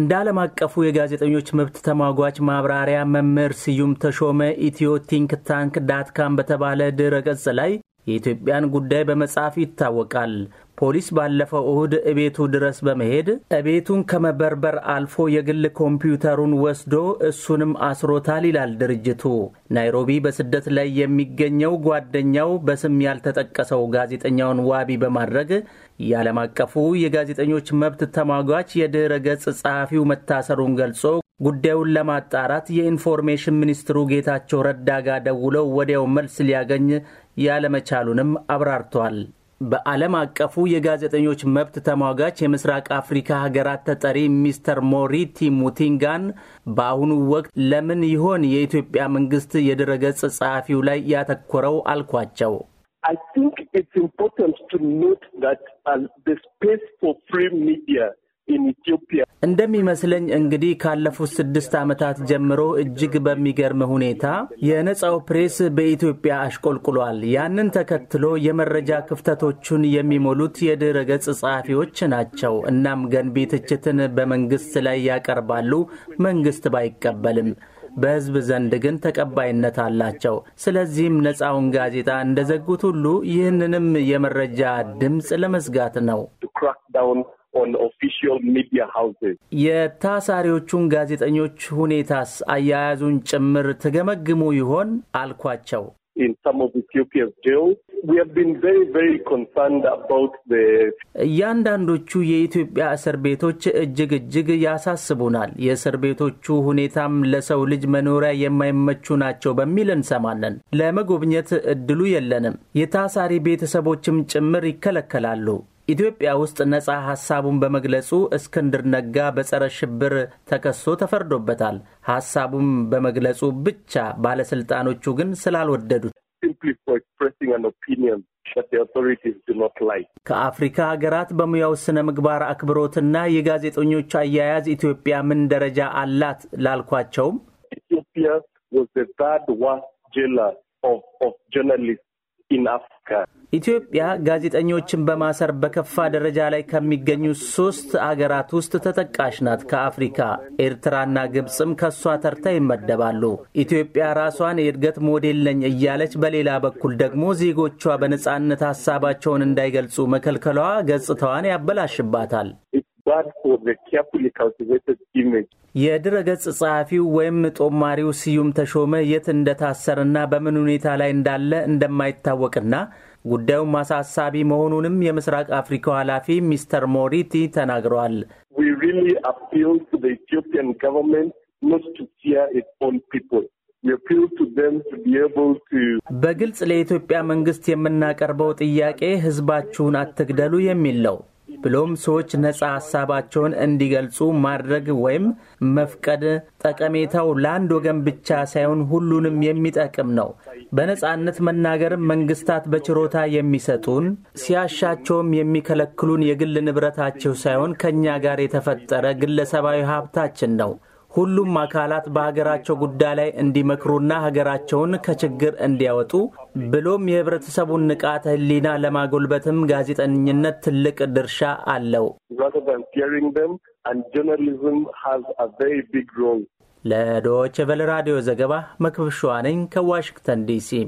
እንደ ዓለም አቀፉ የጋዜጠኞች መብት ተሟጓች ማብራሪያ መምህር ስዩም ተሾመ ኢትዮ ቲንክ ታንክ ዳትካም በተባለ ድረ ገጽ ላይ የኢትዮጵያን ጉዳይ በመጻፍ ይታወቃል። ፖሊስ ባለፈው እሁድ እቤቱ ድረስ በመሄድ እቤቱን ከመበርበር አልፎ የግል ኮምፒውተሩን ወስዶ እሱንም አስሮታል ይላል ድርጅቱ። ናይሮቢ በስደት ላይ የሚገኘው ጓደኛው በስም ያልተጠቀሰው ጋዜጠኛውን ዋቢ በማድረግ የዓለም አቀፉ የጋዜጠኞች መብት ተሟጋች የድኅረ ገጽ ጸሐፊው መታሰሩን ገልጾ ጉዳዩን ለማጣራት የኢንፎርሜሽን ሚኒስትሩ ጌታቸው ረዳ ጋር ደውለው ወዲያው መልስ ሊያገኝ ያለመቻሉንም አብራርተዋል። በዓለም አቀፉ የጋዜጠኞች መብት ተሟጋች የምስራቅ አፍሪካ ሀገራት ተጠሪ ሚስተር ሞሪቲ ሙቲንጋን በአሁኑ ወቅት ለምን ይሆን የኢትዮጵያ መንግስት የድረገጽ ጸሐፊው ላይ ያተኮረው አልኳቸው። I think እንደሚመስለኝ እንግዲህ ካለፉት ስድስት ዓመታት ጀምሮ እጅግ በሚገርም ሁኔታ የነጻው ፕሬስ በኢትዮጵያ አሽቆልቁሏል። ያንን ተከትሎ የመረጃ ክፍተቶቹን የሚሞሉት ገጽ ጸሐፊዎች ናቸው። እናም ገንቢ ትችትን በመንግስት ላይ ያቀርባሉ፣ መንግስት ባይቀበልም በህዝብ ዘንድ ግን ተቀባይነት አላቸው። ስለዚህም ነፃውን ጋዜጣ እንደዘጉት ሁሉ ይህንንም የመረጃ ድምፅ ለመዝጋት ነው። on official media houses የታሳሪዎቹን ጋዜጠኞች ሁኔታስ አያያዙን ጭምር ትገመግሙ ይሆን አልኳቸው። እያንዳንዶቹ የኢትዮጵያ እስር ቤቶች እጅግ እጅግ ያሳስቡናል። የእስር ቤቶቹ ሁኔታም ለሰው ልጅ መኖሪያ የማይመቹ ናቸው በሚል እንሰማለን። ለመጎብኘት እድሉ የለንም። የታሳሪ ቤተሰቦችም ጭምር ይከለከላሉ። ኢትዮጵያ ውስጥ ነጻ ሐሳቡን በመግለጹ እስክንድር ነጋ በጸረ ሽብር ተከሶ ተፈርዶበታል። ሐሳቡን በመግለጹ ብቻ ባለስልጣኖቹ ግን ስላልወደዱት ከአፍሪካ ሀገራት በሙያው ስነ ምግባር አክብሮትና የጋዜጠኞች አያያዝ ኢትዮጵያ ምን ደረጃ አላት ላልኳቸውም ኢትዮጵያ ዋስ the third ኢትዮጵያ ጋዜጠኞችን በማሰር በከፋ ደረጃ ላይ ከሚገኙ ሶስት አገራት ውስጥ ተጠቃሽ ናት። ከአፍሪካ ኤርትራና ግብፅም ከእሷ ተርታ ይመደባሉ። ኢትዮጵያ ራሷን የእድገት ሞዴል ነኝ እያለች፣ በሌላ በኩል ደግሞ ዜጎቿ በነፃነት ሀሳባቸውን እንዳይገልጹ መከልከሏ ገጽታዋን ያበላሽባታል። የድረ ገጽ ጸሐፊው ወይም ጦማሪው ስዩም ተሾመ የት እንደታሰርና በምን ሁኔታ ላይ እንዳለ እንደማይታወቅና ጉዳዩም አሳሳቢ መሆኑንም የምስራቅ አፍሪካው ኃላፊ ሚስተር ሞሪቲ ተናግረዋል። በግልጽ ለኢትዮጵያ መንግስት የምናቀርበው ጥያቄ ህዝባችሁን አትግደሉ የሚል ነው። ብሎም ሰዎች ነፃ ሀሳባቸውን እንዲገልጹ ማድረግ ወይም መፍቀድ ጠቀሜታው ለአንድ ወገን ብቻ ሳይሆን ሁሉንም የሚጠቅም ነው። በነፃነት መናገርም መንግስታት በችሮታ የሚሰጡን ሲያሻቸውም የሚከለክሉን የግል ንብረታቸው ሳይሆን ከእኛ ጋር የተፈጠረ ግለሰባዊ ሀብታችን ነው። ሁሉም አካላት በሀገራቸው ጉዳይ ላይ እንዲመክሩና ሀገራቸውን ከችግር እንዲያወጡ ብሎም የህብረተሰቡን ንቃተ ህሊና ለማጎልበትም ጋዜጠኝነት ትልቅ ድርሻ አለው። ለዶች ራዲዮ ዘገባ መክብብ ነኝ ከዋሽንግተን ዲሲ